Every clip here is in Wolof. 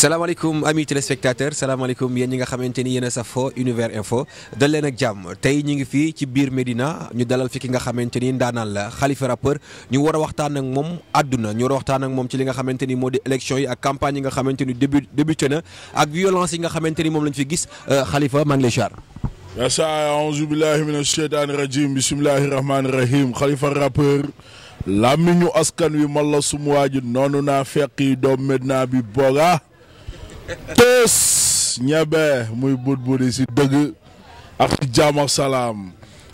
salaamaaleykum amis téléspectateurs salaamaaleykum yéen ñi nga xamante ni yéen a safoo univers info dal leen ak jàmm tey ñu ngi fii ci biir Médina ñu dalal fi ki nga xamante ni ndaanaan la Khalifa rappeur ñu war a waxtaan ak moom àdduna ñu war waxtaan ak moom ci li nga xamante ni moo di élection yi ak campagne yi nga xamante ni début débuté na ak violence yi nga xamante ni moom lañu fi gis euh, Khalifa maa ngi lay char yasa aouzu billahi mina sheytaani rajim bismillahi rahmaani rahim Khalifa rappeur làmmiñu askan wi man la sumuwaaju noonu naa fekk doom Médina bi booga tës ñebe muy bët bëri si dëgg ak si jaam ak salaam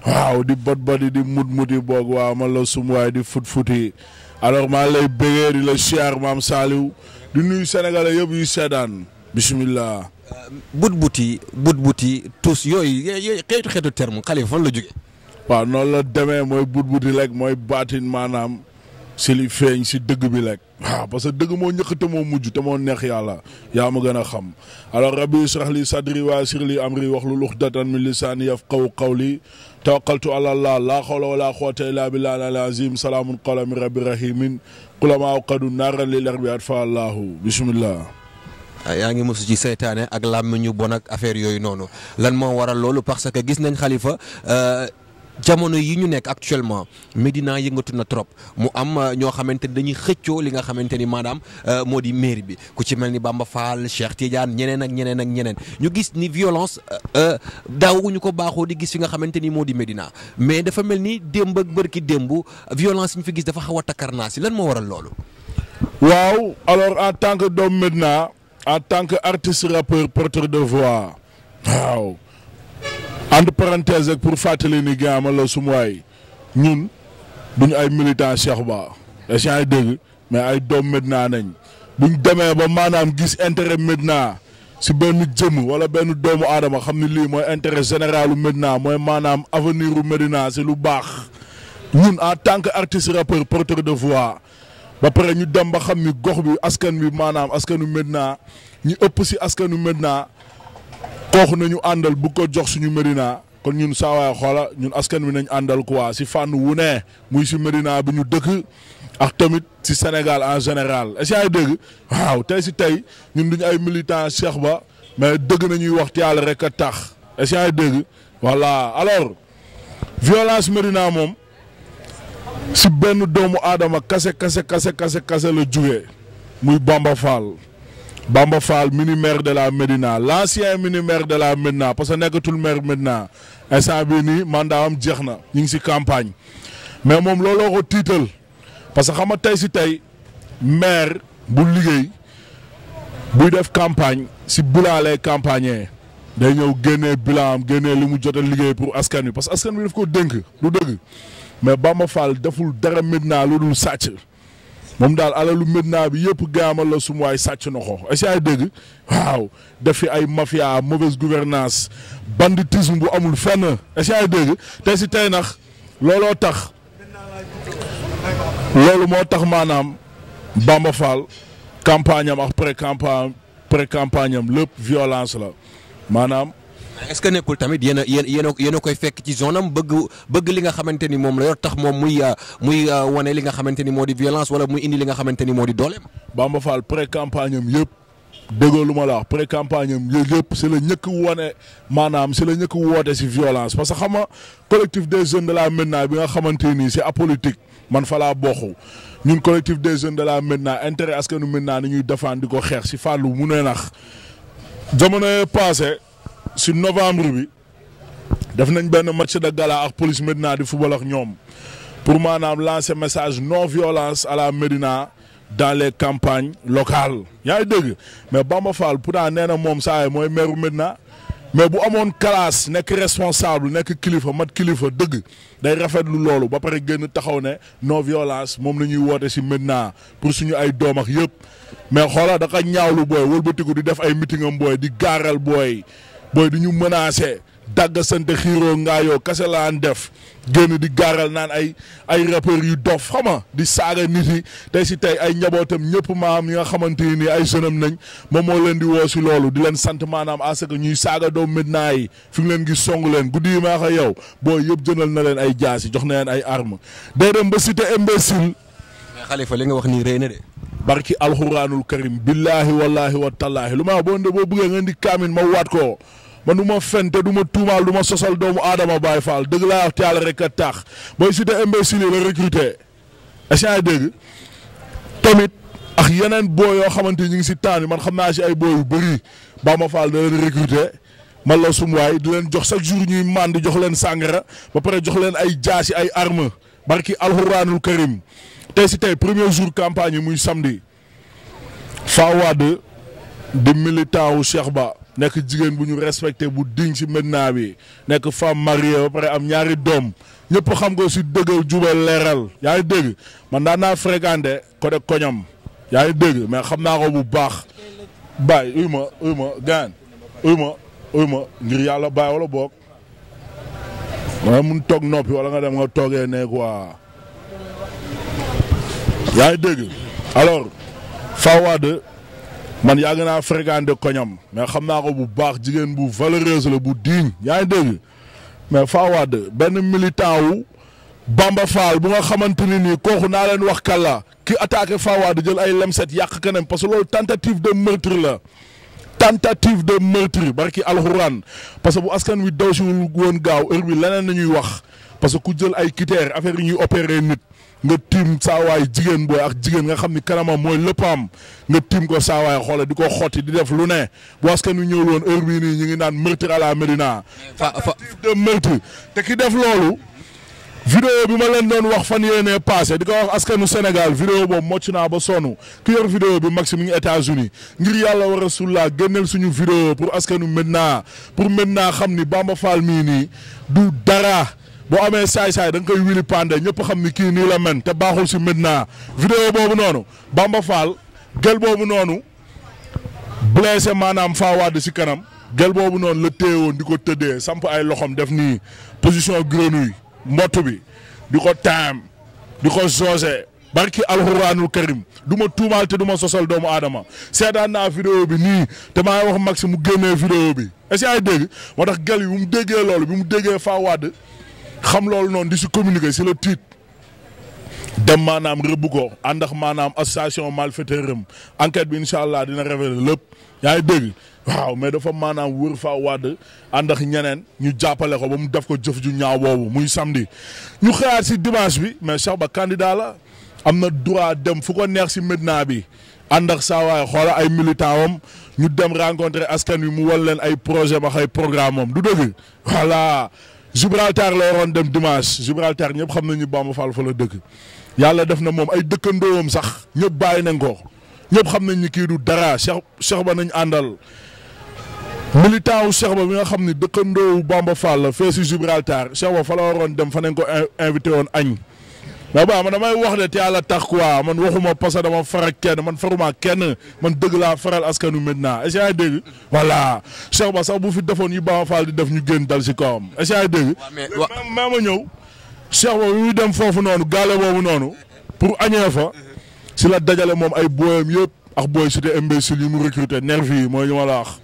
waaw di bët bëri di mut muti boog waaw man la sum di fut futi alors maa lay bëggee di la siyaar maam Saliou di nuyu sénégalais yëpp yu seedaan bisimilah. Euh, but but buti tous yooyu yooyu xeetu xeetu terme fan la jógee. waaw noonu la demee mooy but buti rek mooy baatin maanaam. si li feeñ si dëgg bi rek waaw parce que dëgg moo njëkk te moo mujj te moo neex yàlla yaa ma gën a xam alors rabbi israh li sadri wa yassir li amri wahlul uqdatan min lisani yafqahu qawli tawakkaltu ala allah laa hawla wala quwwata illa billahi al azim salaamun qawlan min rabbi rahimin kulama awqadu naaran lil harbi atfa allahu bismillah ah, yaa ngi mosu ci seytaane ak làmmiñu bon ak affaire yooyu noonu lan moo waral loolu parce que gis nañ xalifa euh, jamono yi ñu nekk actuellement Médina yëngatu na trop mu am euh, ñoo xamante ni dañuy xëccoo li nga xamante ni maanaam euh, moo di mairie bi ku ci mel ni Bamba Fall Cheikh Tidiane ñeneen ak ñeneen ak ñeneen ñu gis ni violence euh, daawuñu ko baaxoo di gis fi nga xamante ni moo di Médina mais dafa mel ni démb ak bërki démb violence yi ñu fi gis dafa xaw a takkarnaa si lan moo waral loolu. waaw alors en tant que doomu Médina en tant que artiste rappeur porteur de voie waaw. entre parenthèse rek pour fàttali ni gaa ma la sum waay ñun duñu ay militant Cheikh Ba da si ay dëgg mais ay doom Medina nañ ñu demee ba maanaam gis intérêt Medina si benn jëmm wala benn doomu aadama xam ne lii mooy général u Medina mooy maanaam avenir u Medina si lu baax ñun en tant que artiste rappeur porteur de voix ba pare ñu dem ba xam ni gox bi askan bi maanaam askanu Medina ñu ëpp si askanu Medina kooku nañu àndal bu ko jox suñu Médina kon ñun saawaay xoola ñun askan wi nañ àndal quoi si fànn wu ne muy si Médina bu ñu dëkk ak tamit si Sénégal en général est-ce que dégg waaw tey si tey ñun duñu ay militant Cheikh Ba mais dëgg nañuy wax te yàlla rek a tax est-ce que ay dégg voilà alors violence Médina moom si benn doomu aadama kase kase kase kase kase la juge muy Bamba Fall Bamba Fall mini maire de la Médina l' ancien mini maire de la Médina parce que nekkatul maire Médina instant bii nii mandat am jeex na ñu ngi si campagne mais moom looloo ko tiital parce que xam nga tey si tey maire bu liggéey buy def campagne si bilan lay campagner day ñëw génnee bilan am génnee li mu jot a liggéey pour askan wi parce que askan wi daf ko dénk lu dëgg mais Bamba Fall deful dara Médina lu dul sàcc. moom daal lu Medina bi yëpp gaamal la sum waay sàcc na ko ay dégg waaw def fi ay mafia mauvaise gouvernance banditisme bu amul fenn est-ce que ay dégg te si tey nax looloo tax loolu moo tax maanaam Bamba Fall campagne am ak pré campagne lépp violence la maanaam. est-ce que nekkul tamit yéen a yéen yéen a koy fekk ci zone am bëgg li nga xamante ni moom la yor tax moom muy euh, muy euh, wane li nga xamante ni moo di violence wala muy indi li nga xamante ni moo di dooleem. Bamba Fall pré campagne yëpp déggoo ma la wax pré campagne am yëpp si la ñëkk wane maanaam si la ñëkk woote si violence parce que xam nga collectif des jeunes de la Médina bi nga xamante ni c'est apolitique man fa laa bokk ñun collectif des jeunes de la Médina intérêt askanu Médina ni ñuy défendre ko xeex si fàllu mu ne nax jamono si novembre bi def nañ benn match de gala ak police Médina di football ak ñoom pour maanaam lancer message non violence à la Médina dans les campagne local yaa ngi dégg mais Bamba Fall pourtant nee na moom saa yi mooy maire Médina mais bu amoon classe nekk responsable nekk kilifa mat kilifa dëgg day rafetlu loolu ba pare génn taxaw ne non violence moom la ñuy woote si Médina pour suñu ay doom ak yëpp mais xoolal da ka ñaawlu booy wëlbatiku di def ay meeting am di gaaral booy. booy du ñu menacé dàggasante xiiroo ngaayoo kase laan def génn di gaaral naan ay ay rappeurs yu dof xama di saaga nit yi tey si tey ay njabootam ñëpp maam yi nga xamante ni ay jeune nañ moom moo leen di woo si loolu di leen sant maanaam à que ñuy saaga doomu Médina yi fi ngi leen gi song leen guddi yi maa xa yow booy yëpp jënal na leen ay jaasi jox na leen ay arme day dem ba cité imbécile. mais Khalifa li nga wax nii rëy na de. barki alxuraanul karim billaahi wallaahi wa tallaahi lu ma boo ndee boo bëggee nga indi kaamin ma waat ko. man du ma fen te du ma tuumaal duma sosal doomu aadama Baye Fall dëgg laa wax te yàlla rek a taax booy cité imbécile yi la recruté. est dégg tamit ak yeneen booy yoo xamante ñu ngi si taan bi man xam naa si ay booy yu bëri ba ma Fall da leen man la sum waay leen jox chaque jour ñuy mànd di jox leen sàngara ba pare jox leen ay jaasi ay arme barki alxuraanul karim tey si tey premier jour campagne yi muy samedi Fawad di militant wu Cheikh Ba nekk jigéen bu ñu respecté bu diñ si Médina bi nekk femme mariée ba pare am ñaari doom ñëpp xam ko si dëggal jubal leeral yaa ngi dégg man daan naa fréquenté côté koñam yaa ngi dégg mais xam naa ko bu baax baay uy ma gaan uy ma ngir yàlla baay wala boog nga mu toog noppi wala nga dem nga toogee ne quoi yaa ngi dégg alors Fawade man yàgg naa fréquenté koñam mais xam naa ko bu baax jigéen bu valeureuse la bu digne yaa ngi dégg mais Fa Wade benn militant wu Bamba Fall bu nga xamante ni nii kooku naa leen wax kalla ki attaqué Fa Wade jël ay lemset yàq keneen parce que loolu tentative de meurtre la tentative de meurtre barki alxuraan parce que bu askan wi daw si gaaw heure bi leneen la ñuy wax parce que ku jël ay critères affaire yi ñuy opéré nit. nga tiim saawaay jigéen booy ak jigéen nga xam ni kanamam mooy lëppam nga tiim ko saawaay xoola di ko xotti di def lu ne bu askan wi ñëwul woon heure bii nii ñu ngi naan meurtre à la Médina. fa fa de meurtre te ki def loolu. vidéo bi ma leen doon wax fan yéenee passé di ko wax askanu Sénégal vidéo boobu mocc naa ba sonn ki yor vidéo bi Maxime ngi États-Unis ngir yàlla wa rasulullah génneel suñu vidéo pour askanu Médina pour Médina xam ni Bamba Fall mii nii du boo amee saay-saay da nga koy wili pande ñëpp xam ni kii nii la men te baaxul si Médina vidéo boobu noonu Bamba faal gel boobu noonu blessé maanaam faawaad si kanam gel boobu noonu la téyewoon di ko tëddee samp ay loxom def nii position grenouille mbott bi di ko taam di ko zoose barki alxuraanul karim du ma tuumaal te du ma sosal doomu aadama seetaan naa vidéo bi nii te maa wax si mu génnee vidéo bi est-ce ay dégg moo tax gel yi bu mu déggee loolu bi mu déggee faawaad xam loolu noonu di si communiquer si le titre dem maanaam rëbb ko àndax maanaam association malfaiteur am enquête bi incha allah dina révéler lépp yaa ngi dégg waaw mais dafa maanaam wër faa wàdd àndax ñeneen ñu jàppale ko ba mu def ko jëf ju ñaaw boobu muy samedi. ñu xëyaat si dimanche bi mais Cheikh Ba candidat la am na droit dem fu ko neex si Medina bi àndax saa waay xoola ay militant am ñu dem rencontrer askan wi mu wal leen ay projet ba ay programme am du dég Gibraltar la waroon dem dimanche Gibraltar ñëpp xam nañu Bamba Fall fa la dëkk yàlla def na moom ay dëkkandoowam sax ñëpp bàyyi nañ ko ñëpp xam nañ ni kii du dara Cheikh Cheikh ba nañ àndal. militant wu Cheikh Ba bi nga xam ni dëkkandoowu Bamba Fall la fee si Gibraltar Cheikh Ba fa la waroon dem fa nañ ko invité woon añ. mais ba man damay wax de te yàlla tax quoi man waxuma parce que dama far ak kenn man faruma kenn man dëgg laa faral askanu maintenant est-ce que yaa ngi dégg voilà Ba sax bu fi defoon yu baax faal di def ñu génn dal si kawam est-ce que yaa ngi dégg ma ma ñëw Cheikh Ba bi muy dem foofu noonu gaale boobu noonu pour añee fa si la dajale moom ay booyam yëpp ax booy su dee imbécile yi mu recruté nervi mooy li ma la wax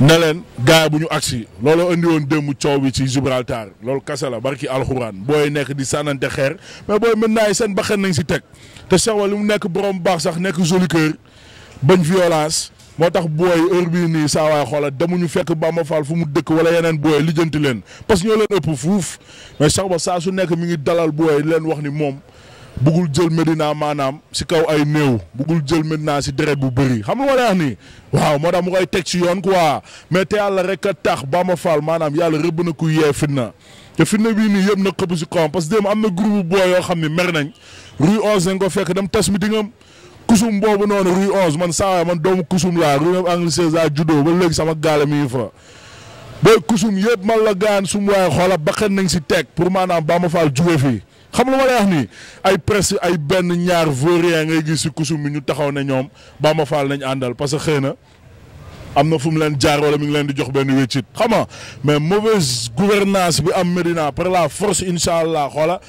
ne leen gars bu ñu agsi looloo indi woon démb coow bi ci Gibraltar loolu kase la barki alxuraan booy nekk di sànnante xeer mais booy mën naa yi seen baxen nañ si teg te Cheikh li mu nekk borom baax sax nekk joli cœur bañ violence moo tax booy heure bii nii saa waay xoola demuñu fekk baa ma Fall fu mu dëkk wala yeneen booy lijjanti leen parce que ñoo leen ëpp fuuf mais Cheikh ba saa su nekk mu ngi dalal booy leen wax ni moom bugul jël Medina maanaam si kaw ay néew bugul jël Medina si deret bu bëri xam lu ma lay wax nii waaw moo tax mu koy teg si yoon quoi mais te yàlla rek a baa ma Fall maanaam yàlla rëbb na ku yee fitna te fitna bii nii yëpp na xëpp si kawam parce que démb am na groupe boo yoo xam ne mer nañ rue 11 nañ ko fekk dem tas mitingam kusum boobu noonu rue 11 man saa man doomu kusum laa rue Anglaise laa juddoo ba léegi sama gaale mi fa. ba kusum yëpp man la gaan sum waaye xoola baqen nañ si teg pour maanaam Bamba Fall jugee fii. xam lu ma lay wax nii ay presse ay benn ñaar vaurien ngay gis si kusum bi ñu taxaw ne ñoom Bamba Fall nañ àndal parce que xëy na am na fu mu leen jaar wala mi ngi leen di jox benn wéccit xam nga mais mauvaise gouvernance bi am Medina par la force incha allah xoola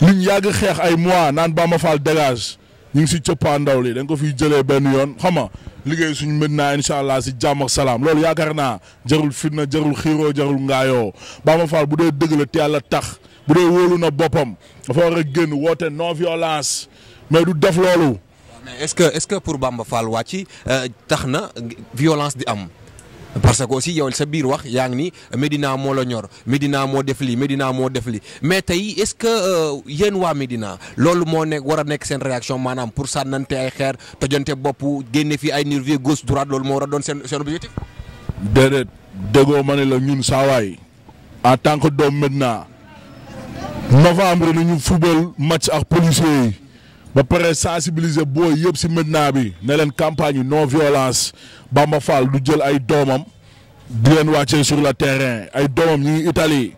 liñ yàgg xeex ay mois naan Bamba Fall dégage ñu ngi si cëppaandaw li dañ ko fi jëlee benn yoon xam nga liggéey suñu Medina incha allah si jàmm ak salaam loolu yaakaar naa jarul fitna jarul xiiroo jarul ngaayoo Bamba bu dee dëgg la te yàlla tax. bu dee wóolu na boppam dafa war a génn woote non violence mais du def loolu. mais est-ce que est-ce que pour Bamba Fall wàcc euh, tax na violence di am. parce que aussi yow sa biir wax yaa ngi ni Medina moo la ñor Medina moo def lii médina moo def li mais tey est-ce que euh, yéen waa médina loolu moo nekk war a nekk seen réaction maanaam pour sànnante ay xeer tojante bopp génne fii ay nervis gauche droite loolu moo war a doon seen seen objectif. déedéet déggoo ma ne la ñun saawaay en tant que doom Medina novembre nañu football match ak policiers yi ba pare sensibiliser booy yëpp si Médina bi ne leen campagne non violence Bamba Fall du jël ay doomam di leen wàcce sur le terrain ay doomam ñu ngi Italie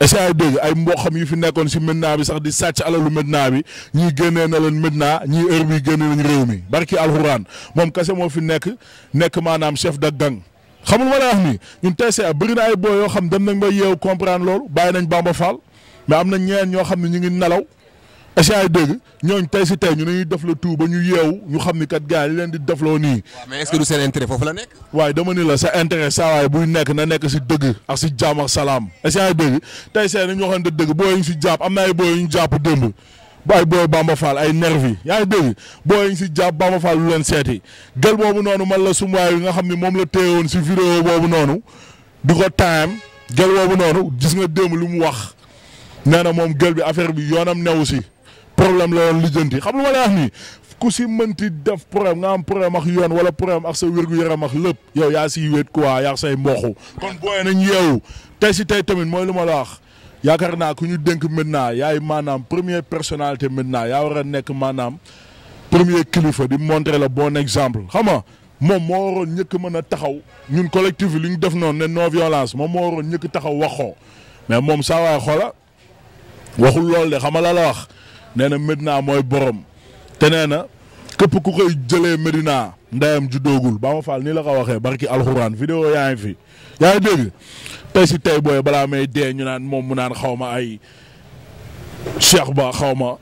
est-ce ay dégg ay mboqam yu fi nekkoon si Médina bi sax di sàcc alalu Médina bi ñii génnee na leen Médina ñii heure bi génne nañ réew mi barki alxuraan moom kese moo fi nekk nekk maanaam chef de gang xamul ma lay wax ni ñun tey see bëri na ay booy yoo xam dem nañ ba yeewu comprendre loolu bàyyi nañ Bamba mais am na ñeen ñoo xam ne ñu ngi nelaw échange dëgg ñooñ tey si tey ñu dañuy def la tout ba ñu yeewu ñu xam ni kat gars yi leen di def loo nii. waaw mais est-ce que la nekk. waaye dama ni la sa intérêt saa waay buy nekk na nekk si dëgg ak si jaam ak salaam échange dëgg tey seen ñoo xam ne dëgg booy ñu si jàpp am na ay booy yu ñu jàpp démb ay booy Bamba Fall ay nervi yaa ngi boo booy ñu si jàpp Bamba Fall lu leen seeti gël boobu noonu man la sum yi nga xam ni moom la téye woon si vidéo boobu noonu di ko time gël boobu noonu gis nga démb lu mu wax nee na moom gël bi affaire bi yoonam newu si problème la yoon lijjanti xam lu ma lay wax nii ku si mënti def problème nga am problème ak yoon wala problème ak sa wér-gu-yaram ak lépp yow yaa siy wéet waa yaa say mboq. kon booyee nañ yeewu tey si tey tamit mooy lu ma la wax yaakaar naa ku ñu dénk maintenant yaay maanaam première personnalité maintenant yaa war a nekk maanaam premier kilifa di montrer la bon exemple xam nga moom moo waroon ñëkk mën a taxaw ñun collectif bi li ñu def noonu ne non violence moom moo waroon taxaw waxoo mais moom saa waxul lool de xam nga la la wax nee na Medina mooy borom te nee na képp ku koy jëlee Medina ndeyam juddoogul ba ma faal nii la ko waxee barki alxuraan vidéo yaa ngi fi yaa ngi dégg tey si tey booy balaa may dee ñu naan moom mu naan xaw ma ay Cheikh Ba xaw ma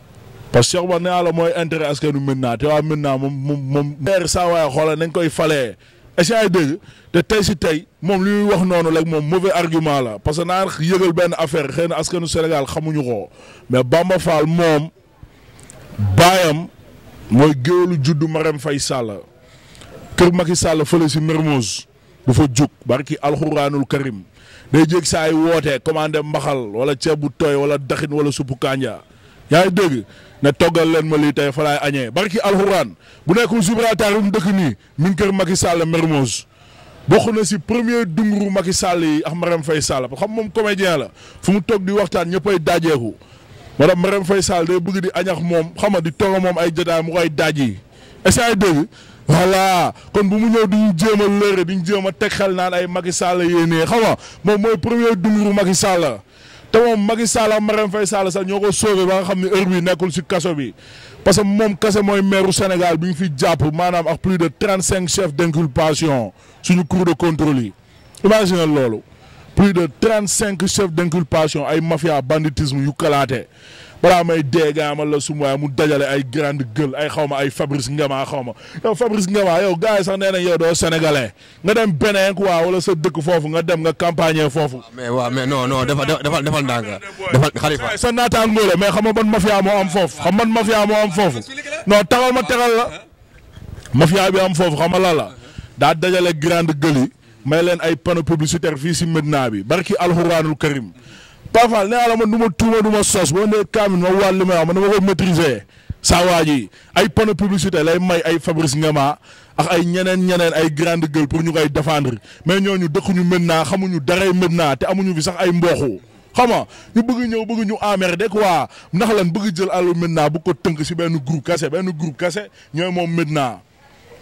parce que Ba nee la mooy intérêt askanu Medina te waa Medina moom moom moom. saa waay xoolal nañ koy falee. est ay dégg te tey si tey moom li muy wax noonu rek moom mauvais argument la parce que naa yëgal benn affaire xëy na askanu Sénégal xamuñu ko mais Bamba Fall moom baayam mooy géwélu juddu Marème fay Sall kër Macky Sall fële si Mermoz du fa jug barki alxuraanul karim day jég saa ay woote commandé maxal wala ceeb bu tooy wala daxin wala suppu kànja yaa ngi na toggal leen ma lii tey fa laay añee barki alxuraan bu nekkul Gibraltar mu dëkk nii mi ngi kër Macky Sall Mermoz bokk na si premier dunguru Macky Sall yi ak Marème Faye Sall xam moom comédien la fu mu toog di waxtaan ñëppay daajeeku maanaam Marème Faye Sall day bëgg di añax moom xam nga di toog moom ay jotaay mu koy daaj yi est ay dégg voilà kon bu mu ñëw du ñu jéem a lëre du ñu jéem a teg xel naan ay Macky Sall yéenee xam nga moom mooy premier dunguru Macky Sall te moom Macky Sall ak Marème Faye Sall sax ñoo ko sauvé ba nga xam ni heure bi nekkul si kaso bi parce que moom kese mooy maire Sénégal bi ñu fi jàpp maanaam ak plus de trente cinq chefs d' inculpation suñu cour de contrôle yi. imagine loolu plus de trente cinq chef dinculpation ay mafia banditisme yu kalaate balaa may deegaamal la sum waaye mu dajale ay grande gueule ay xaw ma ay Fabrice Ngama xaw ma yow Fabrice Ngama yow gars yi sax nee nañ yow doo sénégalais nga dem beneen quoi wala sa dëkk foofu nga dem nga campagne foofu. Ah, mais waaw mais non non defal sa naataangoo la mais xam nga ban mafia moo am foofu xam man mafia moo am foofu non taxal ma tegal la mafia bi am foofu xam nga la la daa dajale grande gueule yi may leen ay panneau publicitaire fii si Medina bi barki alxuraanul karim parfois nee naa man du ma tuuma du ma sos boo nee Kaamin ma wàll li may wax man dama koy saa waa ji ay panneau publicité lay may ay Fabrice Ngama ak ay ñeneen ñeneen ay grande gueule pour ñu koy défendre mais ñooñu dëkkuñu maintenant xamuñu daray maintenant te amuñu fi sax ay mbooxu xam nga ñu bëgg ñëw bëgg ñu emmerder waa ndax lan bëgg jël àllu maintenant bu ko tënk si benn groupe kase benn groupe kase ñooy moom maintenant.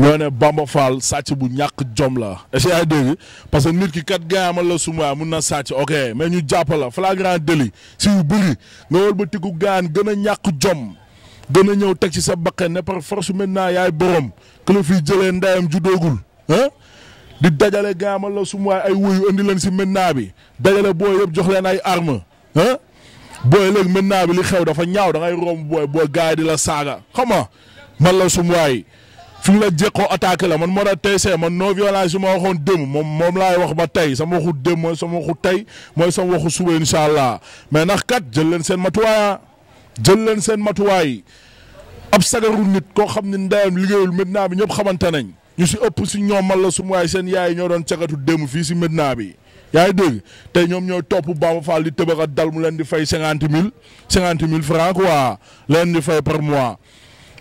ñoo ne Bamba Fall sàcc bu ñàkk jom la est-ce dégg parce que nit ki kat gaañamal la su mun na sàcc ok mais ñu jàpp la flagrant délit si yu bëri nga wol ba tiku gaan gën a ñàkk jom gën a ñëw teg ci sa baqe ne par force maintenant yaay borom que la fiy jëlee ndeyam ju doogul di dajale gaañamal la su ay wuyu indi leen si maintenant bi dajale booy yëpp jox leen ay arme ah booy léegi maintenant bi li xew dafa ñaaw da ngay romb booy booy gars yi di la saaga xam nga man la fu ñu la jéqoo attaqué la man moo tax tey see man non violence yi ma waxoon démb moom moom laay wax ba tey sama waxu démb mooy sama waxu tey mooy sama waxu suba incha allah mais ndax kat jël leen seen matuwaay ah, jël leen seen matuwaay ab sagaru nit koo xam ne ndeyam liggéeyul Médina bi ñëpp xamante nañ ñu si ëpp si ñoomal la su ma waay seen yaay ñoo doon cagatu démb fii si Médina bi. yaa ngi dégg tey ñoom ñooy topp Bamba Fall di tëbëk dal mu leen di fay cinquante mille cinquante mille franc leen di fay par mois.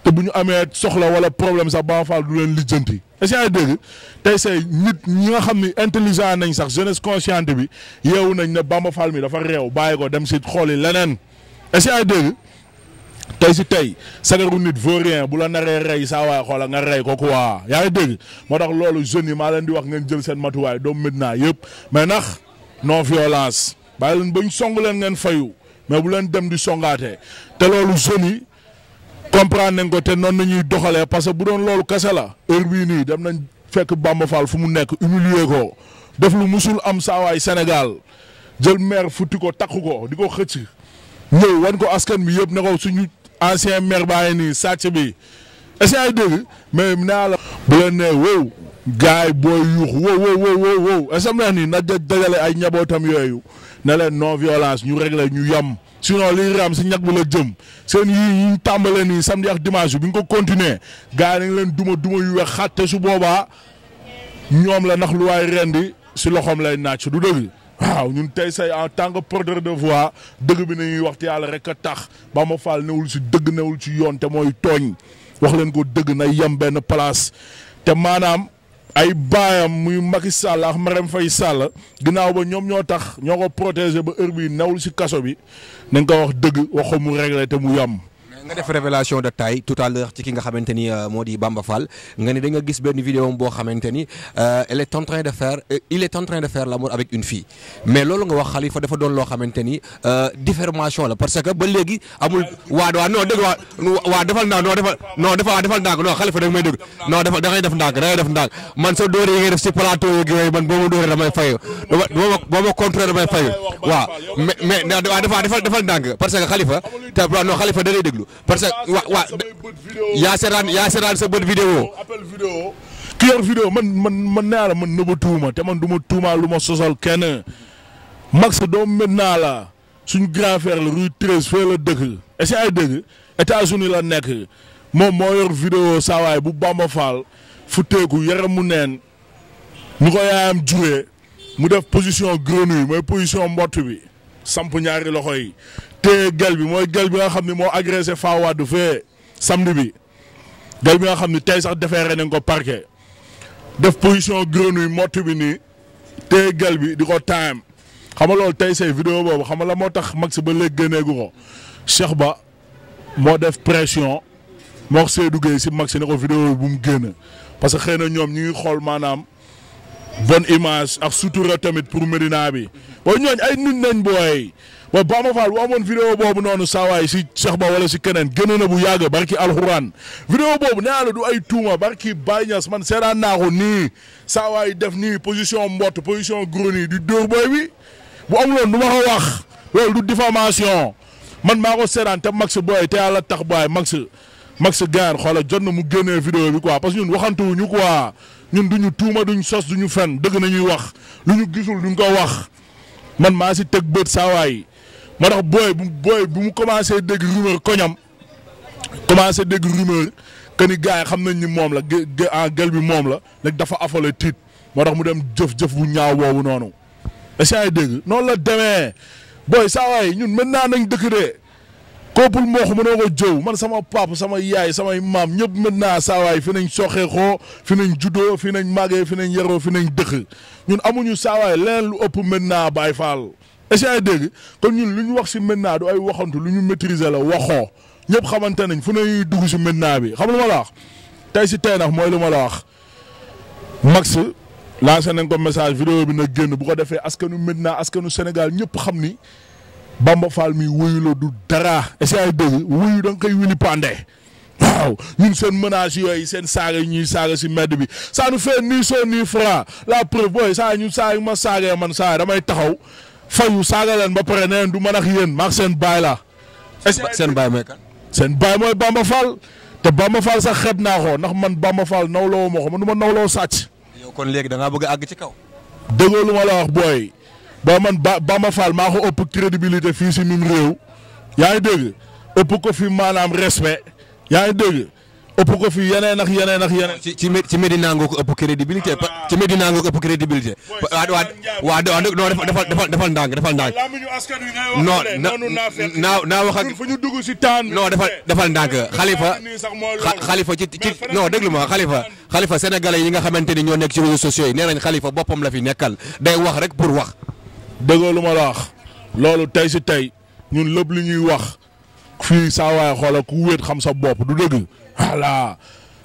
te bu ñu amee soxla wala problème sax Bamba Fall du leen lijjanti est-ce dégg tey say nit ñi nga xam ni intelligent nañ sax jeunesse consciente bi yeewu nañ ne Bamba Fall mi dafa réew bàyyi ko dem si xooli leneen est-ce que dégg tey si tey sagaru nit vaut rien bu la naree rey saa waay xoola nga rey ko quoi yaa ngi dégg moo tax loolu jeunes yi maa leen di wax ngeen jël seen matuwaay doomu Médina yëpp mais nax non violence bàyyi leen ba ñu song leen ngeen fayu mais bu leen dem di songaatee te loolu jeunes yi comprendre nañ ko te noonu na ñuy doxalee parce que bu doon loolu kese la heure bii nii dem nañ fekk Bamba Fall fu mu nekk humilier ko def lu musul am saawaay Sénégal jël maire futti ko takku ko di ko xëcc wan ko askan bi yëpp ne ko suñu ancien maire baa ngi nii sàcc bi est-ce ay dégg mais naa la. bu leen nee wow gars yi booy yuux wow wow wow wow est-ce nii na dajale ay ñabootam yooyu ne leen non violence ñu réglé ñu yem. sinon liy raam si ñag bu la jëm seen yi ñu tàmbale nii samedi ak dimanche bi nga ko continuer gars yi nañ leen duma duma yu wex xatte su boobaa ñoom la ndax lu waay rendi si loxoom lay naaj du dëgg. waaw ñun tey say en tant que porteur de voix dëgg bi nañuy wax te yàlla rek a tax ba ma faal newul si dëgg newul si yoon te mooy tooñ wax leen ko dëgg na yem benn place te maanaam. ay baayam muy Macky Sall ak Marème fay Sall ginnaaw ba ñoom ñoo tax ñoo ko protéger ba heure bii newul si kaso bi nañ ko wax dëgg wax ko mu réglé te mu yàmm. nga def révélation de taille tout à l'heure ci nga xamante ni euh, Bamba Fall nga ni da nga gis benn vidéo boo xamante ni euh, elle est en train de faire euh, il est en train de faire l'amour avec une fille mais loolu nga wax Khalifa dafa doon loo xamante la parce que ba léegi amul waa defal ndànk non defal non da may dëgg non defal def ndànk da ngay man sa dóor yi si plateau yeeg man boo ma dóoree damay fayu boo ma contrôlé damay fayu waaw mais parce que wa wa yaa seetaan yaa sa bët vidéo ki yor vidéo man man man naa la man nëba tuuma te man du tuumaa lu ma sosal kenn max doom mét la suñ grand frère la rue treize fee la dëkk est ce dëkk états la nekk moom moo yor vidéo saawaay bu Bamba Fall fu teeku yaram mu neen ñu ko yaayam juree mu def position grenouille mooy position mbott bi samp ñaari loxo yi téye gel bi mooy gel bi nga xam ne moo agressé Fawad fee samedi bi gel bi nga xam ne tey sax defeere nañ ko parquet def position grenouille mottu bi nii téye gel bi di ko time xam nga loolu tey say vidéo boobu xam nga la moo tax mag si ba léegi génneegu ko Cheikh Ba moo def pression moo géey si Gueye si Max ko vidéo bu mu génn parce que xëy na ñoom ñu ngi xool maanaam bonne image ak sutura tamit pour Medina bi. booy ñooñ ay nit nañ booy ba Bamba Fall bu amoon vidéo boobu noonu saawaay si Cheikh Ba wala si keneen gën na bu yàgg barki alxuraan vidéo boobu nee naa la du ay tuuma barki Baye Niass man seetaan naa ko nii saawaay def nii position mbott position grenier di dóor booy bi bu amuloon du ma ko wax loolu du diffamation man maa ko seetaan te max booy te yàlla tax booy max max gaan xoola jot na mu génnee vidéo bi quoi parce que ñun waxantuwuñu quoi ñun duñu tuuma duñ sos duñu fen dëgg nañuy wax lu ñu gisul duñ ko wax man maa si teg bët saawaay yi moo tax booy bu booy bu mu commencé dégg rumeur koñam commencé dégg rumeur que ni gars yi xam nañ ni moom la gë gel ah, bi moom la léegi dafa affolé tiit moo tax mu dem jëf-jëf wu ñaaw woowu noonu. est-ce que dégg noonu la demee booy saawaay ñun maintenant nañ dëkk de koppul moox mënoo ko jëw man sama pap sama yaay samay maam ñëpp mën naa saawaay fi nañ soxeekoo fi nañ juddoo fi nañ màggee fi nañ yaroo fi nañ dëkk ñun amuñu saawaay leneen lu ëpp mën naa bàyyi faal. est-ce dégg kon ñun lu ñu wax si mën naa du ay waxantu lu ñu maîtriser la waxoo ñëpp xamante nañ fu nañuy dugg si mën naa bi xam lu ma la wax tey si tey nag mooy lu ma la wax max lancé nañ ko message vidéo bi na génn bu ko defee askanu mën naa askanu Sénégal ñëpp xam ni. Bamba Fall mi wuyu du dara est ay dëgg wuyu da nga koy wili pande waaw ñun seen menaces yooyu seen saaga ñuy saaga si mbedd bi saanu nous fait ni son ni la preuve booy saa ñun saa yu ma saagee man saa damay taxaw fayu saaga leen ba pare neen du man ak yéen maak seen baay la. seen baay mooy kan. seen baay mooy Bamba Fall te Bamba Fall sax xeeb naa ko ndax man Bamba Fall nawloo ma ko man du ma nawloo sàcc. yow kon léegi da bëgg a àgg ci kaw. déggoo lu ma la booy. ba man ba Bamba Fall maa ko ëpp crédibilité fii si mim réew yaa ngi dégg ëpp ko fi maanaam respect yaa ngi dégg ëpp ko fi yeneen ak yeneen ak yeneen. ci ci ci Medina nga ko ëpp crédibilité. ci Medina nga ko ëpp crédibilité. waaw waaw non defal defal defal ndànk defal ndànk. non na naa naa wax ak. non defal eh. defal ndànk xalifa xalifa ci ci non déglu ma xalifa xalifa sénégalais yi nga xamante ni ñoo nekk ci réseaux sociaux yi nee nañ xalifa boppam la fi nekkal day wax rek pour wax. dëggoo lu ma la wax loolu tey si tey ñun lépp lu ñuy wax fii saa waay xoolal ku wéet xam sa bopp du dëgg voilà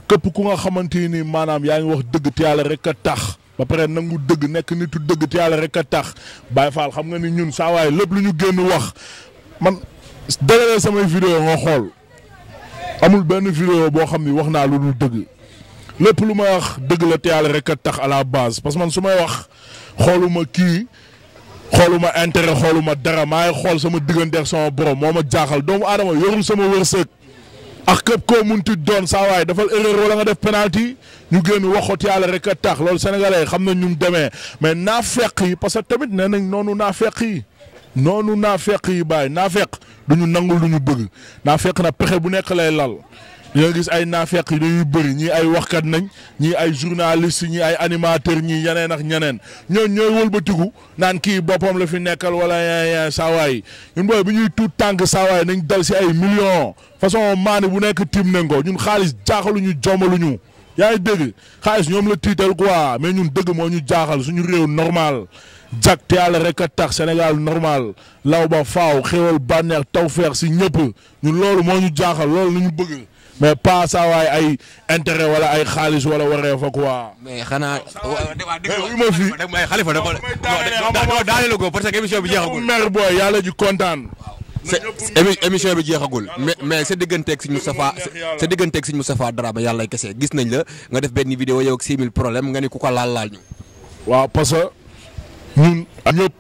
képp ku nga xamante ni maanaam yaa ngi wax dëgg te yàlla rek a tax ba pare nangu dëgg nekk nitu dëgg te yàlla rek a tax Baye Fall xam nga ni ñun saa waay lépp lu ñu génn wax man dëggalee samay vidéo nga xool amul benn vidéo boo xam ni wax naa lu dul dëgg lépp lu ma wax dëgg la te yàlla rek a tax à la base parce que man su may wax xooluma kii. xooluma intérêt xooluma dara maa ngi xool sama diggante ak sama borom moo ma jaaxal doomu aadama yorul sama wërsëg ak képp mun munti doon saa waaye dafal erreur wala nga def penalty ñu génn waxoot yàlla rek a tax loolu sénégalais xam na ñu demee mais naa feq yi parce que tamit nee nañ noonu naa feq yi noonu naa feq yi bàyyi naa feq du ñu nangul lu ñu bëgg naa fekk na pexe bu nekk lay lal. ñoo gis ay naafeq yi dañuy bëri ñii ay waxkat nañ ñii ay journaliste ñii ay animateur ñii ñeneen ak ñeneen ñoon ñooy wëlbatiku naan kii boppam la fi nekkal wala saawaay ñun booy bu ñuy tuut tànk saawaay nañ dal si ay millions façon maani bu nekk tim nañ ko ñun xaalis jaaxaluñu jommaluñu yaa ngi dégg xaalis ñoom la tiital quoi mais ñun dëgg moo ñu jaaxal suñu réew normal jag te yàlla rek a tax Sénégal normal law ba faaw xéwal bànneex taw feex si ñëpp loolu moo jaaxal loolu la bëgg mais pas saa ay intérêt wala ay xaalis wala waree fa waa mais xanaa. ma fi mais xalifa ko parce que émission bi jeexagul. mer booy yàlla ji kontaan. émission bi jeexagul mais mais sa digganteeg Serigne Moustapha sa digganteeg Serigne Moustapha Dramé yàlla kese gis nañ la nga def benn vidéo yow ak 6000 problème nga ni ku ko laal laal ñu. waaw parce que ñun ñëpp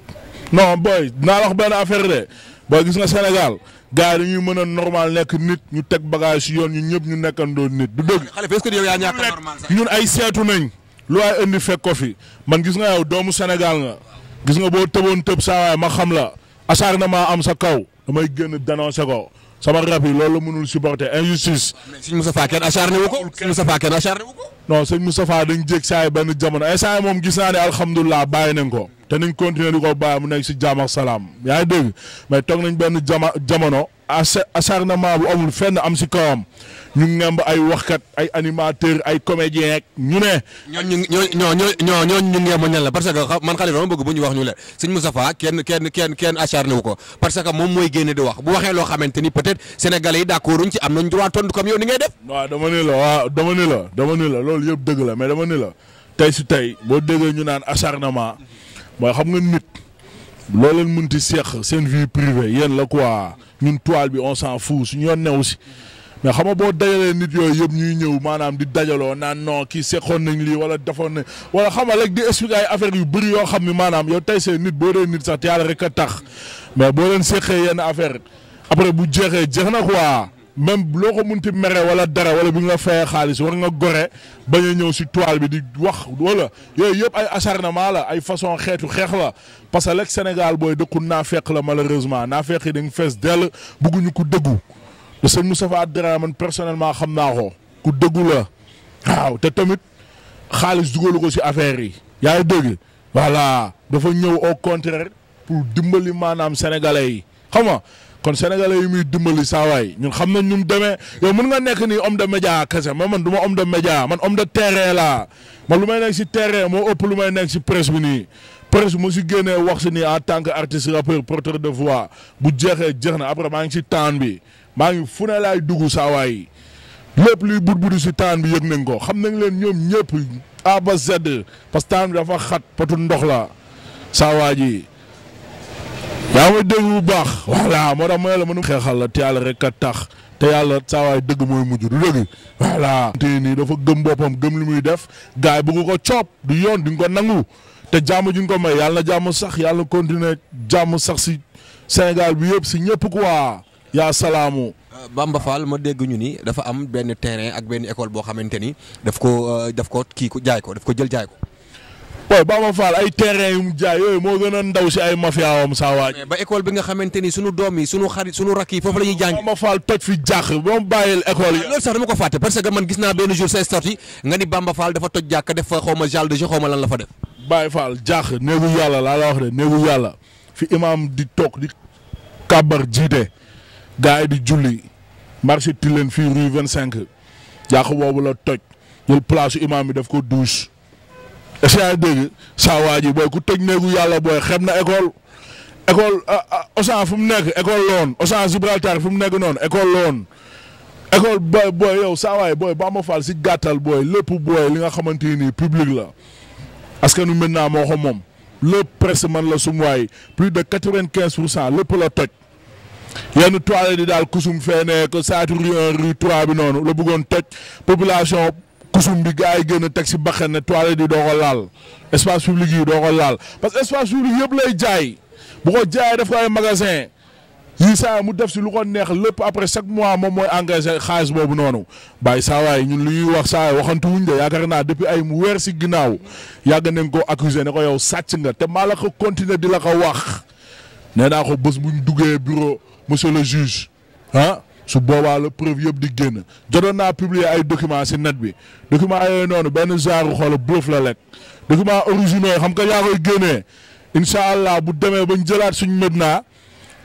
non booy dinaa wax benn affaire de boo gis na Sénégal. gars yi dañuy mën a normal nekk nit ñu teg bagage si yoon ñun ñëpp ñu nekkandoo nit du dëgg. xale est-ce que yow yaa ñàkk normal ñun ay seetu nañ. lu waay indi fekk ko man gis nga yow doomu Sénégal nga gis nga boo tëboon tëb saa ma xam la asaar na maa am sa kaw damay génn dénoncé ko sama rap yi loolu la mënul supporter injustice. Ah, mais sëñ Moustapha kenn acharné wu ko sëñ Moustapha kenn acharné wu ko. non sëñ dañ jég saa yi benn jamono ay saa yi moom gis naa ne alhamdulilah bàyyi nañ ko. te nañ continuer di ko bàyyi nekk si jaam salaam yaa ngi dégg mais toog nañ benn jama jamono acharnement bu amul fenn am si kawam ñu ngemb ay waxkat ay animateur ay comédien rek ñu ne. ñooñu ñooñu ñooñu ñu ngemb ñan la parce que man Khalifa dama bëgg bu ñu wax ñu la sëñ Moustapha kenn kenn kenn kenn acharné wu ko parce que moom mooy génne di wax bu waxee loo xamante ni peut-être sénégalais yi d'accord uñ ci am nañ droit tontu def. waaw dama ni la dama ni la dama ni la loolu yëpp dëgg la mais dama ni la tey si tey mooy xam nga nit loo leen mënti seq seen vie privée yéen la ko quoi ñun toile bi on s'en fout suñu yoon new si mais xam nga boo dajalee nit yooyu yëpp ñuy ñëw maanaam di dajaloo naan non kii seexoon nañ lii wala defoon nañ wala xam nga rek di expliquer ay affaire yu bëri yoo xam ne maanaam yow tey seen nit boo doon nit sax te yàlla rek a tax mais boo leen seexee yenn affaire après bu jeexee jeex na ko quoi. même loo ko munti mere wala dara wala bu nga fayee xaalis war nga gore ba a ñëw si toile bi di wax wala yooyu yëpp ay acharnement la ay façon xeetu xeex la parce que lekk Sénégal booy dëkku naa fekk la malheureusement naa fekk yi dañ fees dell bugguñu ku dëggu te sëñ Moustapha Dramé man personnellement xam naa ko ku dëggu la waaw te tamit xaalis dugalu ko si affaire yi yaa ngi dégg voilà dafa ñëw au contraire pour dimbali maanaam sénégalais yi xama kon sénégalais yi muy dimbali saawaay ñun xam na ñu mu demee yow mën nga nekk ni homme de média kese ma man du ma homme de média man homme de terrain la man lu ma nekk si terrain moo ëpp lu may nekk si presse bi ni presse mu si génnee wax si nii en tant que artiste rappeur porteur de voix bu jeexee jeex na après maa ngi si taan bi maa ngi fu ne laay dugg saawaay yi lépp luy bud budu si taan bi yëg nañ ko xam nañ leen ñoom ñëpp A ba Z parce que taan bi dafa xat potu ndox la saawaay ji yaa may dégg bu baax voilà moo tax ma ne la mënu xeexal la te yàlla rek a tax te yàlla saa waay dëgg mooy mujj du dëgg voilà. te nii dafa gëm boppam gëm li muy def gars yi ko coob du yoon di nga ko nangu te jàmm ju nga ko may yàlla jàmm sax yàlla na jàmm sax si Sénégal bi yëpp si ñëpp quoi yaa salaamu. Euh, Bamba Fall ma dégg ñu nii dafa am benn terrain ak benn école boo xamante ni daf ko euh, daf ko kii ko jaay ko daf ko jël jaay ko. booy Bamba Fall ay terrain yu mu jaay yooyu moo gën a ndaw si ay mafiaawam saa waaj. ba école bi nga xamante ni sunu doom yi sunu xarit sunu rakk yi foofu la ñuy jàng. Bamba Fall toj fi jàq ba mu bàyyil école yi. Ah, que man gis naa benn jour say sorti ni Bamba Fall dafa jàkk def fa xaw ma jàll de xaw ma lan la fa def. Baye Fall jàq néegu yàlla laa la wax de néegu yàlla fi imaam di toog di kàbbar jiite gars yi di julli marché Tilène fii rue 25 jàq boobu la toj jël place imaam bi daf ko douche est-ce que dégg saa waa ji booy ku tëj néegu yàlla booy xem na école école Osan ah, ah, fu mu nekk école loon Osan Gibraltar fu mu nekk noonu école loon école booy booy yow saa waay booy Bamba Fall si gàttal booy lépp booy li nga xamante nii public la parce que nu mel naa moo ko moom lépp presque man la sum waay plus de quatre-vingt-quinze pour cent lépp la toj yenn toilettes yi daal kusum fee nekk saatu rue un rue trois bi noonu la bëggoon toj population. kusum bi gars yi gën teg si baxen ne toilette yi doo ko laal espace public yi doo ko laal parce que espace public yëpp lay jaay bu ko jaayee def ko ay magasin yi saa mu def si lu ko neex lépp après chaque mois moom mooy engagé xaalis boobu noonu bàyyi saa waay ñun lu ñuy wax saa waxantu wuñ de yaakaar naa depuis ay mu weer si ginnaaw yàgg nañ ko accusé ne ko yow sàcc nga te maa la ko continuer di la ko wax nee naa ko bés bu ñu duggee bureau monsieur le ah, su boobaa la preuve yëpp di génn jotoon naa publier ay documents si net bi document yooyu noonu benn genre xoola bluff la lekk document originaux xam nga yaa koy génnee incha allah bu demee ba ñu jëlaat suñ mët naa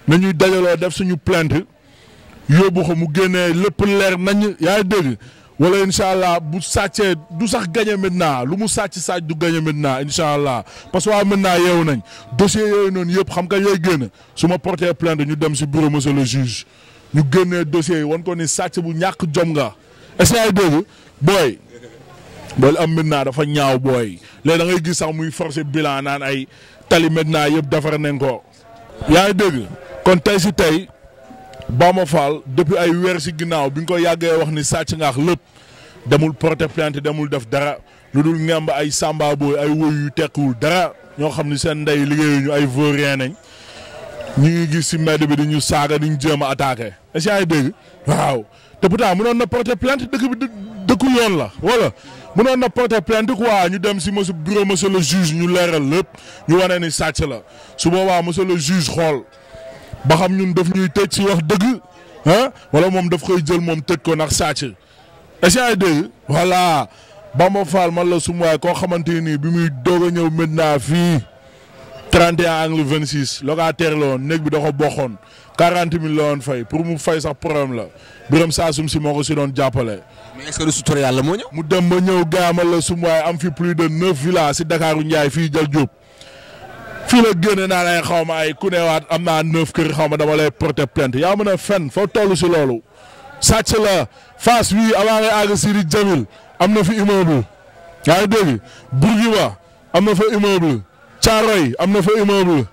na ñuy dajaloo def suñu plaint yóbbu ko mu génnee lépp leer nañ yaa dégg wala incha allah bu sàccee du sax gañe maintenant lu mu sàcc sàcc du gañe maintenant incha allah parce que waa maintenant yeewu nañ dossier yooyu noonu yëpp xam nga yooyu génn su ma porté plainte ñu dem si bureau monsieur ñu génnee dossier yi wan ko ni sàcc bu ñàkk jom nga essai boobu booy booy am maintenant dafa ñaaw booy léegi da ngay gis sax muy forcer bilan naan ay tali maintenant yëpp defar nañ ko. yaa ngi dégg kon tey si tey ma Fall depuis ay weer si ginnaaw bi nga ko yàggee wax ni sàcc ngaax lépp demul porter plainte demul def dara lu dul ngemb ay samba booy ay woy yu tekkiwul dara ñoo xam ni seen ndey liggéeyuñu ay vaurien nañ. ñu ngi gis si mbedd bi di ñu saaga di ñu jéem a attaqué est-ce que yaa ngi a waaw te na porter plainte dëkk bi dëkku yoon la wala mënoon na porter plainte quoi ñu dem si monsieur bureau monsieur le juge ñu leeral lépp ñu wane ni sàcc la su waa monsieur le juge xool ba xam ñun daf ñuy tëj si wax dëgg ah wala moom daf koy jël moom tëj ko ndax sàcc est-ce que yaa ngi dégg voilà Bamba la sum waay koo xamante nii bi muy doog ñëw maintenant fii. 31 angle 26 locataire la woon néeg bi da ko bokkoon 40 la woon fay pour mu fay sax problème la biram saasum si moo si doon jàppale. mu dem ba ñëw gaamal la sum waaye am fi plus de neuf villas si Dakaaru Njaay fii Jal Diop fii la génne naa lay xaw ma ay ku newaat am naa neuf kër xaw ma dama lay porter plainte yaa mën a fen foo toll si loolu. sàcc la a wii a ngay àgg Sidi Jamil am na fi immeuble yaa ngi dégg Bourguiba am na fa immeuble. yi am na fa immeuble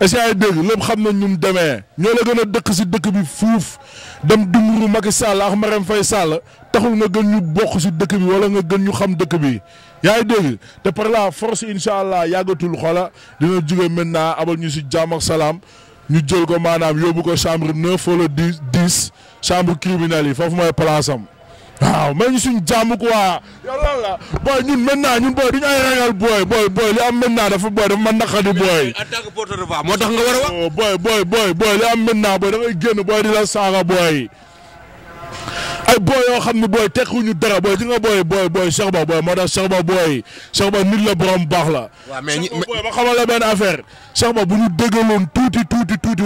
est-ce que ay dégg lépp xam na ñun mu demee ñoo la gën a dëkk si dëkk bi fuuf dem dumburu Macky Sall ak Marème Faye Sall taxul nga gën ñu bokk si dëkk bi wala nga gën ñu xam dëkk bi. yaa ngi dégg te par la force incha allah yàggatul xoola dina jóge maintenant abal ñu si jàmm ak salaam ñu jël ko maanaam yóbbu ko chambre neuf wala dix dix chambre criminelle yi foofu mooy place am waaw may ñu suñ jàmm quoi yow lan la booy ñun maintenant ñun booy du ñu ay ragal booy booy booy li am maintenant dafa booy dafa ma naqadi booy. en tant que porteur de voix moo tax nga war a oh, booy booy booy booy li am maintenant booy da ngay génn booy di la saaga booy. ay booy yoo xam ne booy tekkuñu dara booy di nga booy booy booy Cheikh booy moo tax Cheikh Ba booy Cheikh nit la borom baax la. waaw mais ñi booy ba xamal la benn affaire Cheikh Ba bu ñu déggaloon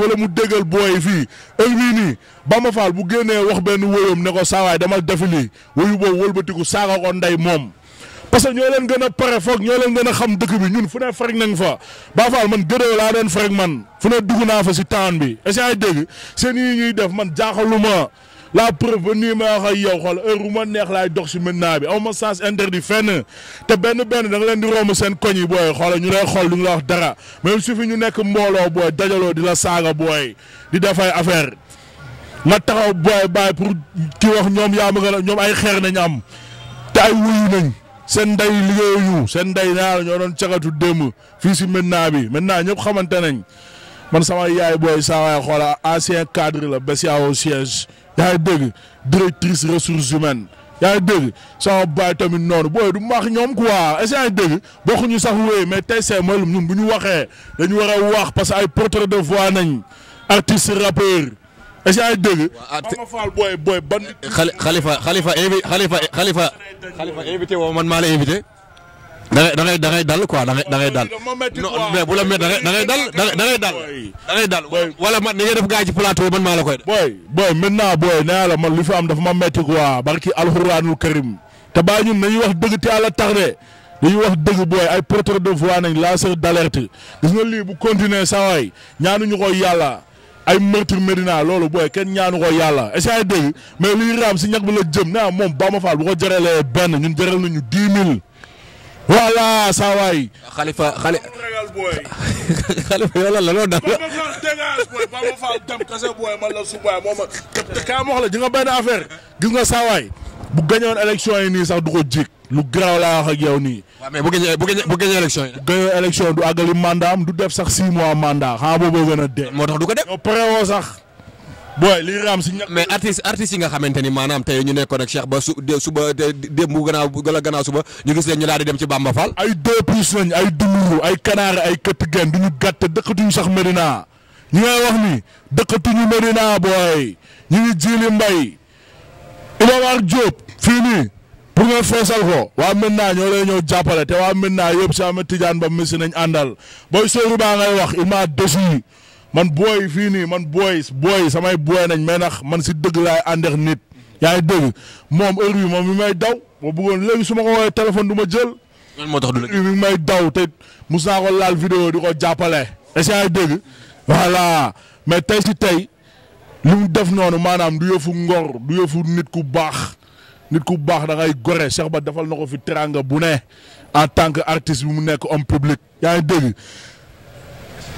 ji mu déggal booy fii heure bii nii Bamba bu génnee wax benn wóyom ne ko saawaay dama defi lii wóyu boobu wëlbatiku saaga ko ndey moom. parce que ñoo leen gën a pare foog ñoo gën a xam dëkk bi ñun fu ne farag nañ fa Bamba Fall man gëdoo laa doon farag man fu ne dugg naa fa si taan bi est-ce que ay dégg seen yi ñuy def man jaaxaluma la preuve ba nii ma wax ak yow xool heure bu ma neex laay dox si maintenant bi aw ma sens interdit fenn te benn benn danga leen di romb seen koñ yi booy xool ñu lay xool du ñu la wax dara même su fi ñu nekk mbooloo booy dajaloo di la saaga booy di def ay affaire nga taxaw booy bàyyi pour ki wax ñoom yaa ma gën a ñoom ay xeer nañ am te ay wuyu nañ seen ndey liggéeyuñu seen ndey naa la ñoo doon cagatu démb fii si maintenant bi maintenant ñëpp xamante nañ man sama yaay booy saa waay xoola ancien cadre la bés yaa yaa ngi dégg directrice ressources humaines yaa ngi dégg sama baay tamit noonu booy du max ñoom quoi est-ce que yaa ngi dégg bokkuñu sax wéy mais tey see malum bu ñu waxee dañu war a wax parce que ay porteurs de voix nañ artiste rappeur est-ce que yaa booy booy ban. xali xalifa xalifa xalifa xalifa. xalifa woo man maa la invité. da ngay da ngay da ngay dal quoi da ngay da ngay dal mais bu la met da ngay da ngay dal da ngay dal da ngay dal wala man ni nga def gaa ci plateau man maa la koy def. booy booy maintenant booy nee la man li fi am dafa ma metti quoi barki alxuraanul karim te baa ñun nañu wax dëgg te yàlla tax de dañu wax dëgg booy ay porteur de voix nañ lanceur d'alerte gis nga lii bu continuer saa waay ñaanuñu ko yàlla ay meurtre Medina loolu booy kenn ñaanu ko yàlla est-ce que ay dëgg mais liy raam si ñàkk bi la jëm naa moom Bamba Fall bu ko jërelee benn ñun jërel nañu dix mille voilà saa waay. xalifa xali. xalifa yow lan la loolu dal la. te kaa ma wax la ji nga benn affaire. gis nga saa waay bu gañoon élection yi nii sax du ko jik lu garaaw laa wax ak yow nii. bu gañee bu gañee bu gañee élection du àggali mandat du def sax six mois mandat xanaa boobu gën a dee. moo tax du ko def. yow pare booy lii raam si ñàkk. mais artiste artiste yi nga xamante ni maanaam te ñu nekkoon ak Cheikh ba su suba démb gannaaw gala gannaaw suba ñu gis leen ñu daal di dem ci Bamba Fall. ay deux plus ay dumuru ay kanaara ay këtt gen du ñu gàtt dëkkatuñu sax Medina ñu ngay wax ni dëkkatuñu Medina booy ñu ngi jiili mbay. Iba Mar Diop fii nii pour nga feesal ko waa Medina ñoo lay ñëw jàppale te waa Medina yëpp si Ahmed Tidiane ba misi nañ àndal booy Sooru baa ngay wax il m'a déçu man booy fii nii man booy booy samay booy nañ mais nag man si dëgg laay àndex nit. yaa ngi dëgg moom heure bi moom mi may daw ma bëggoon léegi su ma ko woowee téléphone du ma jël. lan moo tax du la mi may daw te mus naa laal vidéo di ko jàppale. est-ce que dëgg voilà mais tey si tey li def noonu maanaam du yëfu ngor du yëfu nit ku baax. nit ku baax da ngay gore Cheikh Ba defal na ko fi teranga bu ne en tant que artiste bi mu nekk homme public yaa ngi dégg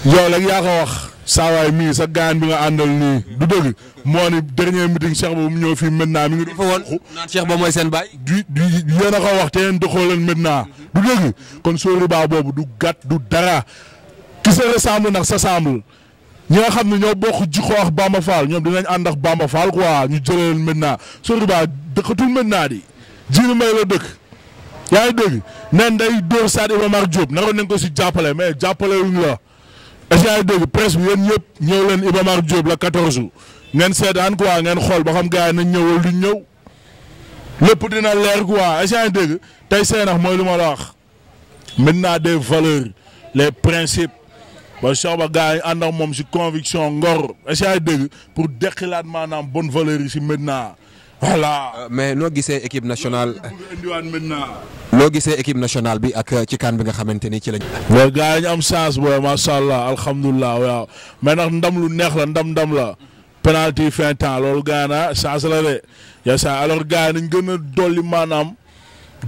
yow rek yaa ko wax saawaay mii sa gaan bi nga àndal nii du dëgg moo ni dernier meeting Cheikh ba mu ñëw fii maintenant mu ngi. dafa woon naan mooy seen baay. du du yéen a ko wax te yéen doxoo leen maintenant du dëgg boobu du gàtt du dara ki se ressemble nag sa semble ñi nga xam ne ñoo bokk jikko ak Bamba ñoom dinañ ànd ak Bamba Fall quoi ñu jëlee leen maintenant Soriba dëkkatul maintenant di jiinu may la dëkk. yaa ngi dëgg neen day dóor Sadio Ibrahima Diop naroon nañ ko si jàppale mais jàppale wuñ la. est-ce que dégg presse bi yéen ñëpp ñëw leen Iba Mar Diop la 14 ngeen ngeen seetaan quoi ngeen xool ba xam gars na nañ ñëwal duñ ñëw lépp dina leer quoi est-ce que dégg tey seenax mooy lu ma la wax maintenant des valeurs les principes ba sox ba gars yi ànd moom si conviction ngor est-ce que dégg pour deqilaat maanaam bonne valeur yi si maintenant voilà euh, mais noo gisee équipe nationale. noo gisee équipe nationale bi ak euh, ci kan bi nga xamante ni ci lañ. mais gars yi ñu am chance booy macha allah alhamdulilah waaw mais nag ndam lu neex la ndam ndam la penalty fin temps loolu gars na chance la de yaa sa alors gars yi nañ gën a dolli maanaam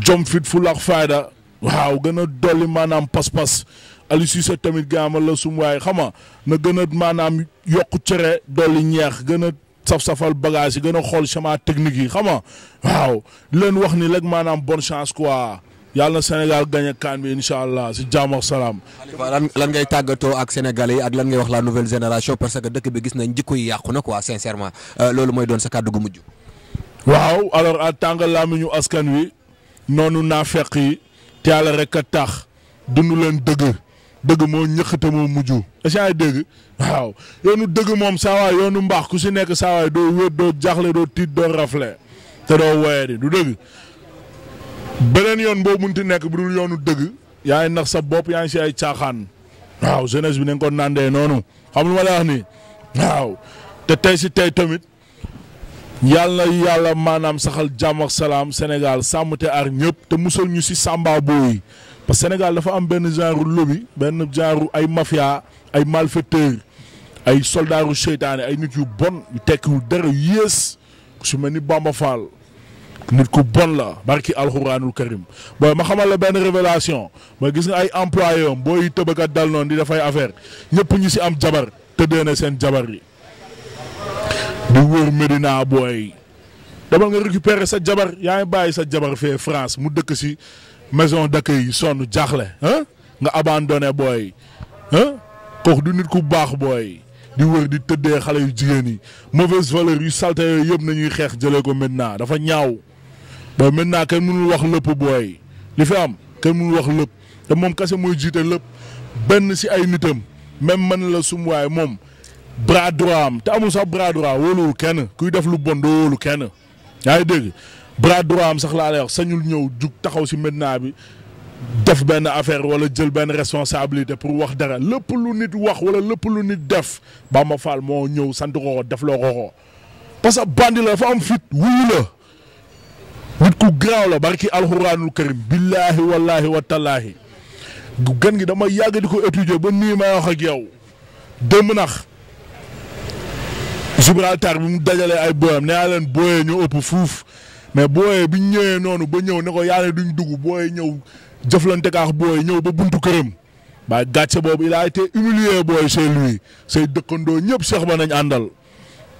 jom fit fu lax fayda waaw gën a dolli maanaam pas-pas Aliou Cissé tamit gaamal la sum waay xam nga na gën a maanaam yokku cere dolli ñeex gën a. saf-safal bagage yi gën a xool chemin technique yi xam nga waaw leen wax ni rek maanaam bon chance quoi yàlla na Sénégal gagné kan bi incha allah si jàmm ak salaam. lan ngay tàggatoo ak sénégalais yi ak lan ngay wax la nouvelle génération parce que dëkk bi gis na jikko yi yàqu na quoi sincèrement euh, loolu mooy doon sa kàddu gu mujj. waaw alors à tàng làmmiñu askan wi noonu naa fekk yi te yàlla rek a tax dund leen dëgg. dëgg moo ñëkk te moo mujj. est dëgg waaw yoonu dëgg moom saawaay yoonu mbaax ku si nekk saawaay doo wéet doo jaaxle doo tiit doo rafle te doo woyee di du dëgg beneen yoon boo munti nekk bu dul yoonu dëgg yaa nax sa bopp yaa ngi si ay caaxaan. waaw jeunesse bi nañ ko nandee noonu xam lu ma la nii waaw te tey si tey tamit yàlla yàlla maanaam saxal jàmm ak salaam Sénégal sàmm te aar ñëpp te musal ñu si sàmbaaboo yi parce Sénégal dafa am benn genre lobi benn genre ay mafia ay malfaiteurs ay soldaaru seytaane ay nit yu bon yu tekkiwul dara yées su mel ni Bamba Fall nit ku bon la barki alxuraanul karim booy ma xamal la benn révélation ma gis nga ay employé am booy tëbakat dal noonu di dafay affaire ñëpp ñu si am jabar tëddee na seen jabar yi di wër Medina booy demal nga récupérer sa jabar yaa ngi bàyyi sa jabar fee France mu dëkk si maison d'accueil yi sonn jaaxle ah nga abandonné booy kooku du nit ku baax booy di wër di tëddee xale yu jigéen yi mauvaise valeur yu salte yooyu yëpp nañuy xeex jëlee ko maintenant dafa ñaaw booy maintenant kenn mënul wax lépp booy li fi am kenn mënul wax lépp te moom kese mooy jiite lépp benn si ay nitam même man la sum waaye moom bras droit am te amul sax bras droit wóoluwul kenn kuy def lu bon doo wóolu kenn yaa ngi dégg bras droit am sax laa lay wax sañul ñëw jug taxaw si Médina bi def benn affaire wala jël benn responsabilité pour wax dara lépp lu nit wax wala lépp lu nit def Bamba Fall moo ñëw sant ko ko def loo ko ko parce que la dafa am fit wuyu la nit ku garaaw la barki alxuraanul karim billaahi wallaahi watallaahi gan gi dama yàgg di ko étudier ba nii may wax ak yow démb nax Gibraltar bi mu dajalee ay booyam nee leen booyee ñu ëpp fuuf mais booyee bi ñu ñëwee noonu ba ñëw ne ko yàlla duñ dugg booyee ñëw jëflante kaax booyee ñëw ba buntu këram waaye gàcce boobu il a été humilié booy chez lui say dëkkandoo ñëpp seex ba nañ àndal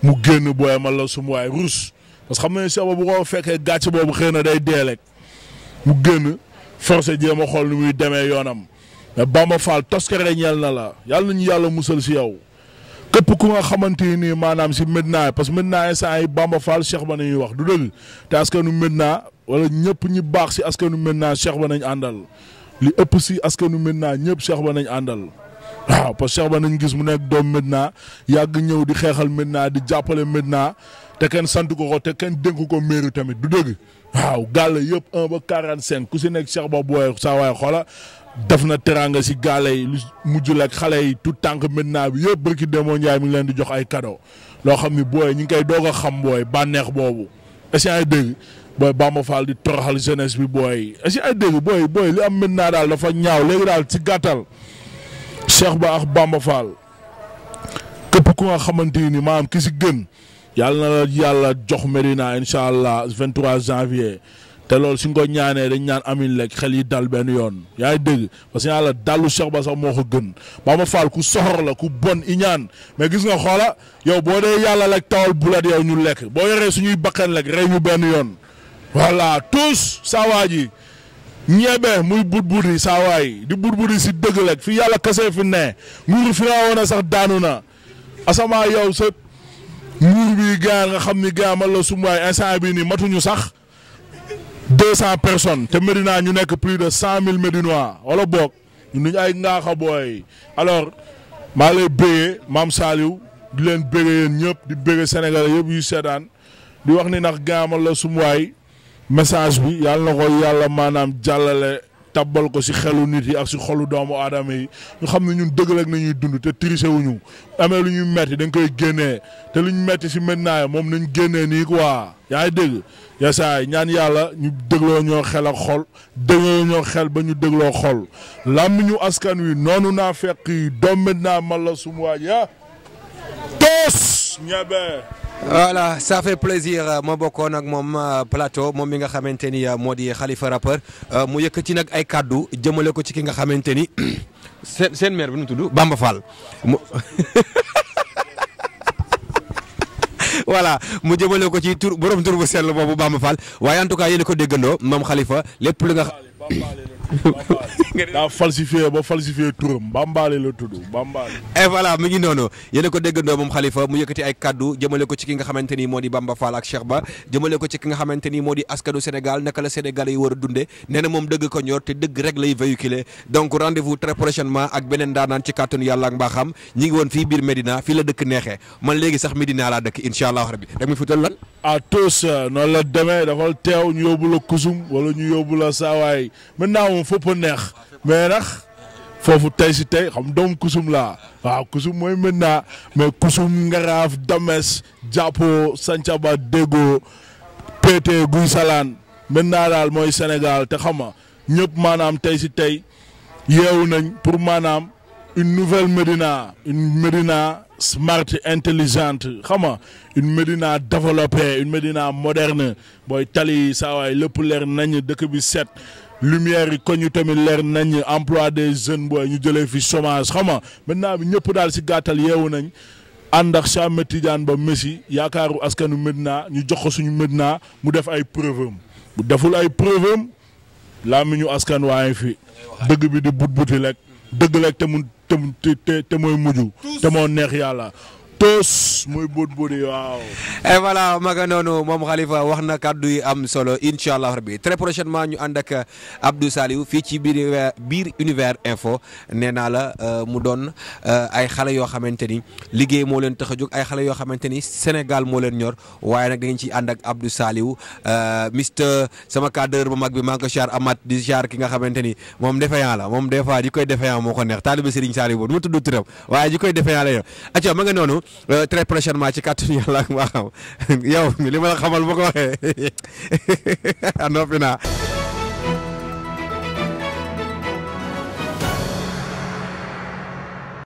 mu génn booyee man la sum waay ruus parce que xam nga seex ba bu ko fekkee gàcce boobu xëy na day dee rek mu génn forcé jéem a xool nu muy demee yoonam mais Bamba Fall toskere ñeel na la yàlla nañu yàlla musal si yow. képp ku nga xamante ni maanaam si Medina parce que Medina instant yi Bamba Fall Cheikh ba nañuy wax du dëgg te askanu Medina wala ñëpp ñi baax si askanu Medina Cheikh ba nañ àndal li ëpp si askanu Medina ñëpp Cheikh ba nañu àndal waaw parce que ba nañ gis mu nekk doom Medina yàgg ñëw di xeexal Medina di jàppale Medina te kenn sant ko ko te kenn dénk ko mairie tamit du dëgg waaw gàll yëpp un ba quarante cinq ku si nekk Cheikh ba booy def na teraanga si gaale yi lu mujjul ak xale yi tout tànk maintenant bi yëpp bërki demoo Njaay mi ngi leen di jox ay cadeau loo xam ni booy ñu ngi koy doog a xam booy bànneex boobu est-ce ay dégg booy Bamba di toroxal jeunesse bi booy est booy booy li am maintenant daal dafa ñaaw léegi daal si gàttal Cheikh Ba ak Bamba Fall képp ku nga xamante ni maam ki si gën yàlla na la yàlla jox Medina incha allah 23 janvier. te loolu suñ ko ñaanee dañ ñaan amin lekk xel yi dal benn yoon yaa ngi dégg parce que yàlla dalu Cheikh Ba sax moo ko gën Bamba Fall ku soxor la ku bon ñaan mais gis nga xoola yow boo dee yàlla lekk tawal bulat yow ñu lekk boo yoree suñuy bakkan lekk rey ñu benn yoon voilà tous saawaa ji ñebe muy budbud yi saawaay di budbud yi si dëgg lekk fi yàlla kese fi ne nguur fi naa sax daanu na asamaa yow sa nguur bi gaa nga xam ni gaa man la sumbaay nii matuñu sax deux cent personnes te Médina ñu nekk plus de cent mille Médinois wala boog ñu ay ngaaxa booy alors maa lay bëggee maam Saliou di leen bëggee yéen ñëpp di bëggee Sénégalais yëpp yu sedaan di wax ni nag gaamal la sumuwaay message bi yàlla na ko yàlla maanaam jàllale tabal ko si xelu nit yi ak si xolu doomu aadama yi ñu xam ne ñun dëgg rek nañuy dund te triché wuñu amee lu ñuy metti dañ koy génnee te lu ñu metti si Médina moom nañ génnee nii quoi yaa ngi dégg yasaay ñaan yàlla ñu dégloo ñoo xel ak xol dégloo ñoo xel ba ñu dégloo xol lam ñu askan wi noonu naa fekk yi dommit naa man la sumu waaj ya toos ñebe voilà ça fait plaisir euh, ma bokkoon ak moom euh, plateau moom mi nga xamante ni euh, moo di xalifa rappeur mu ci nag ay kàddu jëmale ko ci ki nga xamante ni seen seen maire bi nu tudd Bamba Fall voilà mu jëmale ko ci tur borom tur bu sell boobu Bamba Fall waaye en tout cas yéen a ko déggandoo moom Khalifa lépp lu nga. daa falsifié ba falsifié turam Bambaale la tudd Bambaale. et voilà mi ngi noonu yéen a ko déggandoo moom Khalifa mu yëkkati ay kaddu jëmale ko ci ki nga xamante ni moo di Bamba Fall ak Cheikh Ba jëmale ko ci ki nga xamante ni moo di askanu Sénégal naka la Sénégalais yi war a dundee na moom dëgg ko ñor te dëgg rek lay véhiculer donc rendez-vous très prochainement ak beneen daanaan ci kàttanu yàlla ak mbaaxam ñi ngi woon fii biir Medina fii la dëkk neexee man léegi sax Medina laa dëkk incha allah rabbi rek mi futal lan. à tous noonu la demee dafal teew ñu moom a neex mais nag foofu tey si tey xam doom kusum laa waaw kusum mooy maintenant mais kusum ngaraaf dames jàppoo sancaba dégo péete guy salaan maintenant daal mooy Sénégal te xam nga ñëpp maanaam tey si tey yeewu nañ pour maanaam une nouvelle Médina une Médina smart intelligente xam une Médina développée une Médina moderne booy tali saa waay lépp leer nañ dëkk bi set lumière yi ko ñu tamit leer nañ emploi des jeune booy ñu jëlee fi chômage xam nga maintenant bi ñëpp daal si gàttal yeewu nañ ànd ak Cheikh Ahmed Tidiane Ba Messi yaakaaru askanu Médina ñu jox ko suñu Médina mu def ay preuve bu deful ay preuve am laa mi ñu askan waaye fi dëgg bi di but buti lekk dëgg lekk te mu te te te mooy mujj te moo neex yàlla toos mooy bóot bóote waaw. et voilà ma nga noonu moom Khalifa wax na kàddu yi am solo incha allah rabbi très prochainement ñu ànd ak euh, Abdou Saliou fii ci biir euh, biir univers info nee naa la euh, mu doon ay xale yoo xamante ni liggéey moo leen tax a jóg ay xale yoo xamante ni Sénégal moo leen ñor waaye nag da ngeen ciy ànd ak Abdou Saliou mister sama cadreur ba mag bi maa ngi ko di char ki nga xamante ni moom defeyaan la moom des fois di koy defeyaan moo ko neex taalibe Serigne Saliou boobu du noonu. Euh, très prochainement ci kàttu yàlla ak maa xam yow li ma xamal bu ko waxee noppi naa